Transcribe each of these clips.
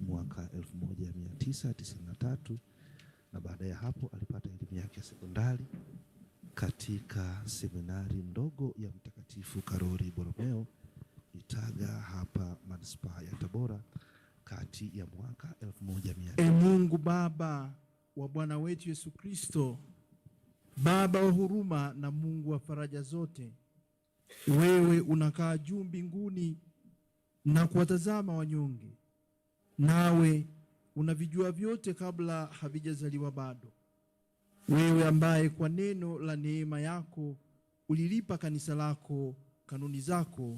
mwaka 1993 na baada ya hapo alipata elimu yake ya sekondari katika seminari ndogo ya Mtakatifu Karoli Boromeo Itaga hapa manispaa ya Tabora kati ya mwaka 1900. E Mungu Baba wa Bwana wetu Yesu Kristo, Baba wa huruma na Mungu wa faraja zote, wewe unakaa juu mbinguni na kuwatazama wanyonge nawe unavijua vyote kabla havijazaliwa bado. Wewe ambaye kwa neno la neema yako ulilipa kanisa lako kanuni zako,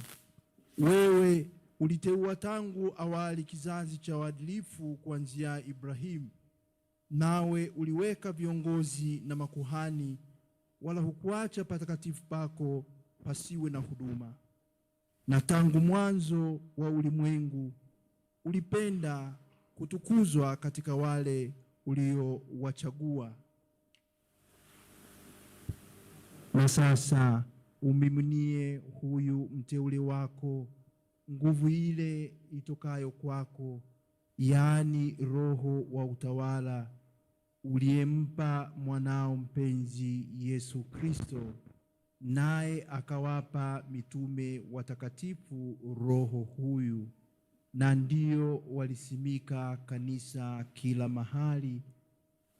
wewe uliteua tangu awali kizazi cha waadilifu kuanzia Ibrahimu, nawe uliweka viongozi na makuhani, wala hukuacha patakatifu pako pasiwe na huduma. Na tangu mwanzo wa ulimwengu ulipenda kutukuzwa katika wale uliowachagua, na sasa umiminie huyu mteule wako nguvu ile itokayo kwako, yaani Roho wa utawala uliyempa mwanao mpenzi Yesu Kristo, naye akawapa mitume watakatifu roho huyu na ndio walisimika kanisa kila mahali,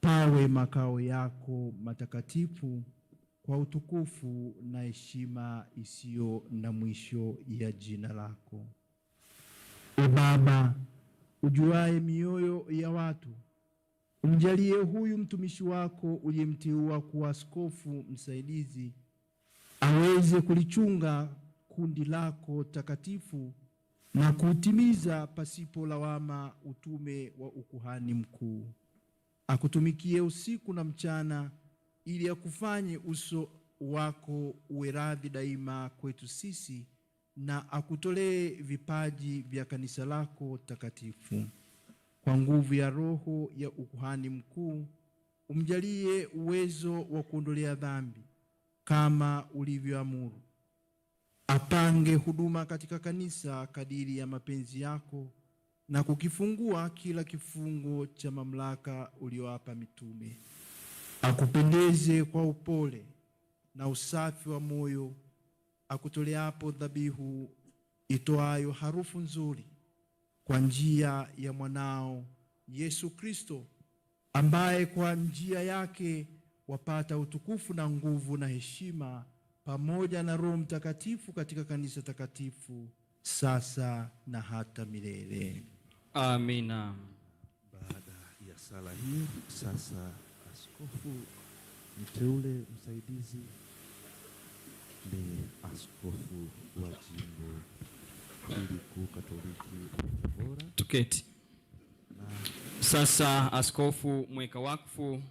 pawe makao yako matakatifu kwa utukufu na heshima isiyo na mwisho ya jina lako. E Baba ujuaye mioyo ya watu, umjalie huyu mtumishi wako uliyemteua kuwa askofu msaidizi, aweze kulichunga kundi lako takatifu na kuutimiza pasipo lawama utume wa ukuhani mkuu, akutumikie usiku na mchana, ili akufanye uso wako uwe radhi daima kwetu sisi, na akutolee vipaji vya kanisa lako takatifu. Kwa nguvu ya Roho ya ukuhani mkuu, umjalie uwezo wa kuondolea dhambi kama ulivyoamuru apange huduma katika kanisa kadiri ya mapenzi yako na kukifungua kila kifungo cha mamlaka uliyowapa mitume, akupendeze kwa upole na usafi wa moyo, akutoleapo dhabihu itoayo harufu nzuri, kwa njia ya mwanao Yesu Kristo, ambaye kwa njia yake wapata utukufu na nguvu na heshima pamoja na Roho Mtakatifu katika kanisa takatifu sasa na hata milele. Amina. Baada ya sala hii sasa askofu mteule msaidizi ni askofu wa jimbo hili kuu Katoliki Tabora. Tuketi. Na sasa askofu mweka wakfu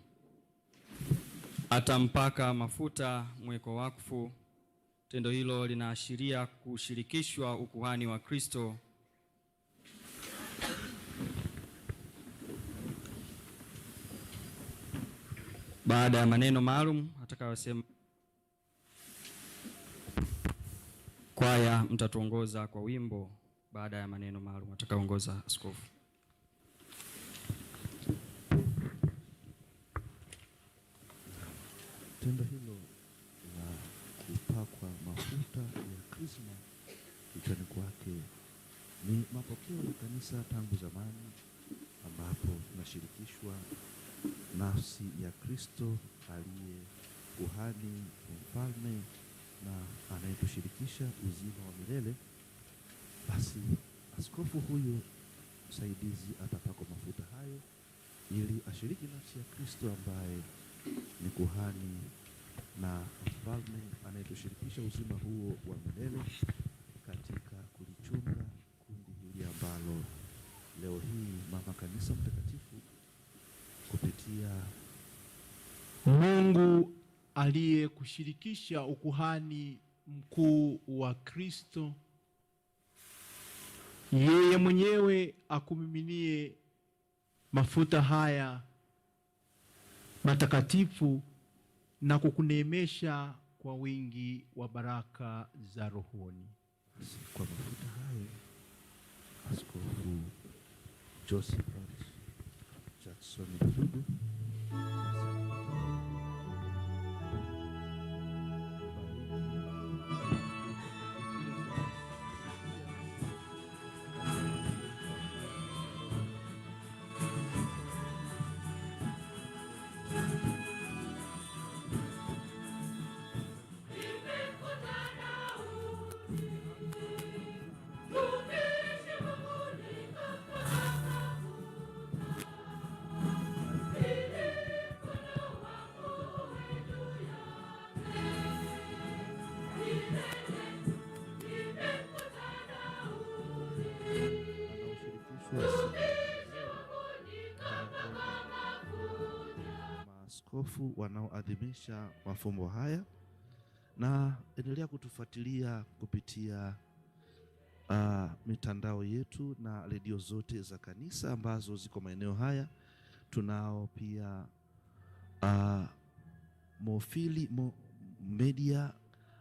atampaka mafuta mweko wakfu. Tendo hilo linaashiria kushirikishwa ukuhani wa Kristo baada ya maneno maalum atakayosema. Kwaya mtatuongoza kwa wimbo baada ya maneno maalum atakayoongoza askofu. Tendo hilo la kupakwa mafuta ya krisma kichwani kwake ni mapokeo ya kanisa tangu zamani, ambapo tunashirikishwa nafsi ya Kristo aliye kuhani mfalme na anayetushirikisha uzima wa milele. Basi askofu huyu msaidizi atapakwa mafuta hayo ili ashiriki nafsi ya Kristo ambaye ni kuhani na mfalme anayetushirikisha uzima huo wa milele katika kulichunga kundi hili ambalo leo hii mama kanisa mtakatifu kupitia Mungu aliyekushirikisha ukuhani mkuu wa Kristo, yeye mwenyewe akumiminie mafuta haya matakatifu na kukuneemesha kwa wingi wa baraka za rohoni. kwa mafuta hayo Askofu Joseph Jackson Tudu maaskofu wanaoadhimisha mafumbo haya, na endelea kutufuatilia kupitia uh, mitandao yetu na redio zote za kanisa ambazo ziko maeneo haya. Tunao pia uh, Mofili Mo Media,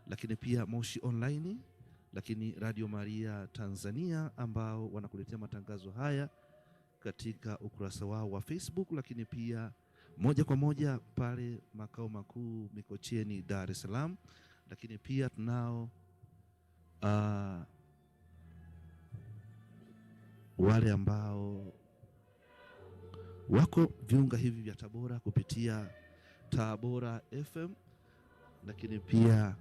lakini pia Moshi Online, lakini Radio Maria Tanzania ambao wanakuletea matangazo haya katika ukurasa wao wa Facebook, lakini pia moja kwa moja pale makao makuu Mikocheni, Dar es Salaam, lakini pia tunao uh, wale ambao wako viunga hivi vya Tabora kupitia Tabora FM, lakini pia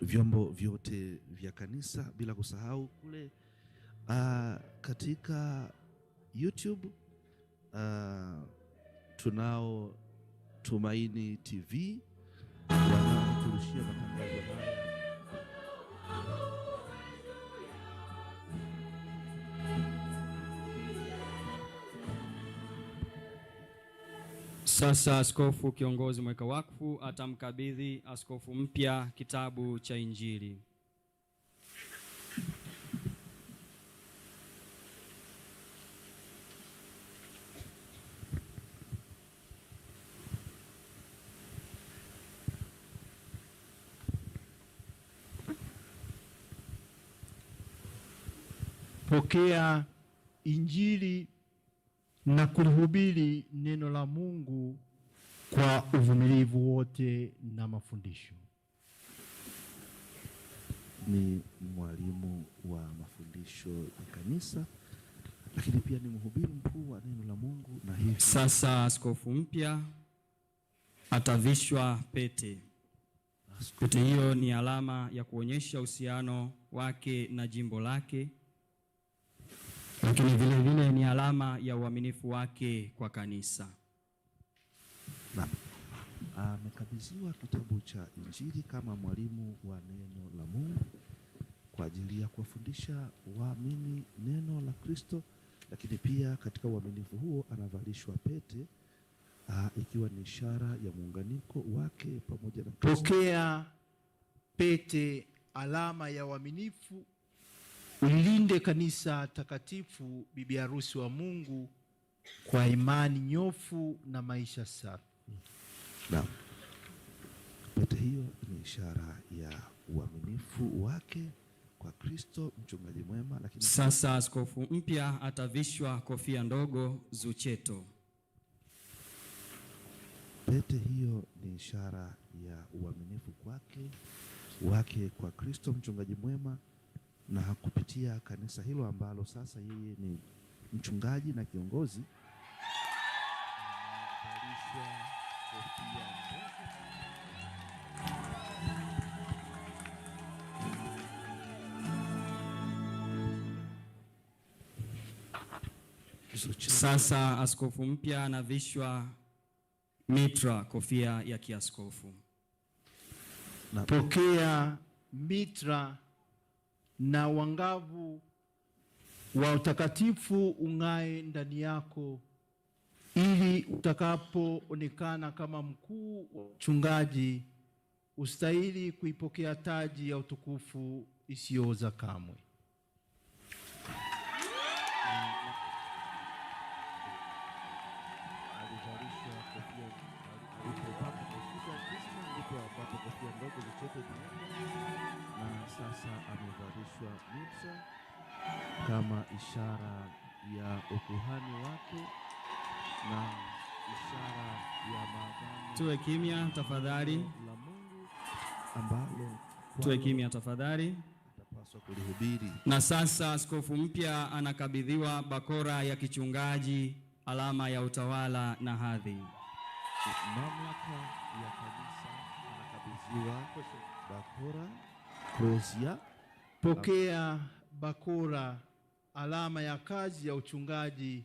vyombo vyote vya kanisa, bila kusahau kule Uh, katika YouTube uh, tunao Tumaini TV wanaoturushia matangazo haya. Sasa askofu kiongozi mweka wakfu atamkabidhi askofu mpya kitabu cha Injili. kupokea Injili na kulihubiri neno la Mungu kwa uvumilivu wote na mafundisho. Ni mwalimu wa mafundisho ya kanisa, lakini pia ni mhubiri mkuu wa neno la Mungu, na hivi sasa askofu mpya atavishwa pete. Pete hiyo ni alama ya kuonyesha uhusiano wake na jimbo lake lakini vile vile ni alama ya uaminifu wake kwa kanisa. Amekabidhiwa kitabu cha Injili kama mwalimu wa neno la Mungu kwa ajili ya kuwafundisha waamini neno la Kristo, lakini pia katika uaminifu huo anavalishwa pete a, ikiwa ni ishara ya muunganiko wake pamoja na Kristo. Pokea pete, alama ya uaminifu Ulinde kanisa takatifu, bibi harusi wa Mungu, kwa imani nyofu na maisha safi. Naam, pete hiyo ni ishara ya uaminifu wake kwa Kristo, mchungaji mwema. Lakini sasa askofu mpya atavishwa kofia ndogo zucheto. Pete hiyo ni ishara ya uaminifu kwake wake kwa Kristo, mchungaji mwema na kupitia kanisa hilo ambalo sasa yeye ni mchungaji na kiongozi Sasa askofu mpya anavishwa mitra kofia ya kiaskofu. Pokea mitra na wangavu wa utakatifu ung'ae ndani yako, ili utakapoonekana kama mkuu wa mchungaji ustahili kuipokea taji ya utukufu isiyooza kamwe. kama ishara ya ukuhani wake na ishara ya maagano. Tuwe kimya tafadhali, ambalo tuwe kimya tafadhali. Na sasa askofu mpya anakabidhiwa bakora ya kichungaji, alama ya utawala na hadhi. Mamlaka ya kanisa anakabidhiwa bakora. Pokea bakora alama ya kazi ya uchungaji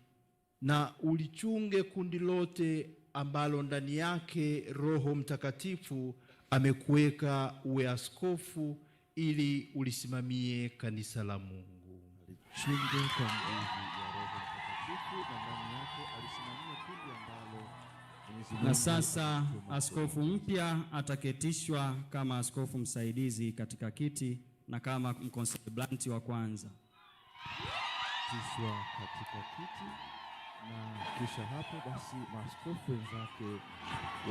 na ulichunge kundi lote ambalo ndani yake Roho Mtakatifu amekuweka uwe askofu ili ulisimamie kanisa la Mungu. Alichunge kwa nguvu ya Roho Mtakatifu na ndani yake alisimamia kundi ambalo na sasa askofu mpya ataketishwa kama askofu msaidizi katika kiti na kama mkonseblanti wa kwanza kupitishwa katika kiti, na kisha hapo basi maaskofu wenzake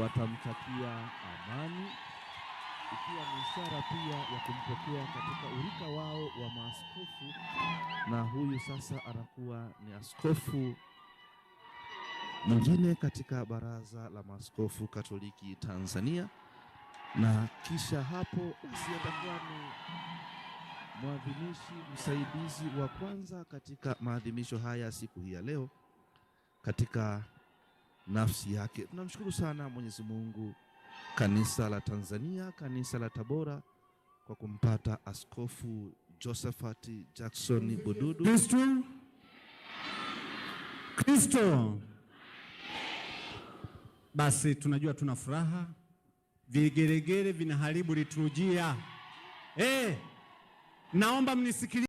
watamtakia amani, ikiwa ni ishara pia ya kumpokea katika urika wao wa maaskofu. Na huyu sasa anakuwa ni askofu mwingine katika Baraza la Maaskofu Katoliki Tanzania, na kisha hapo basi atakuwa ni mwadhimishi msaidizi wa kwanza katika maadhimisho haya siku hii ya leo katika nafsi yake. Tunamshukuru sana Mwenyezi Mungu, kanisa la Tanzania, kanisa la Tabora kwa kumpata Askofu Josephat Jackson Bududu. Kristo Kristo! Basi tunajua tuna furaha, vigeregere vinaharibu liturujia eh. Naomba mnisikilize.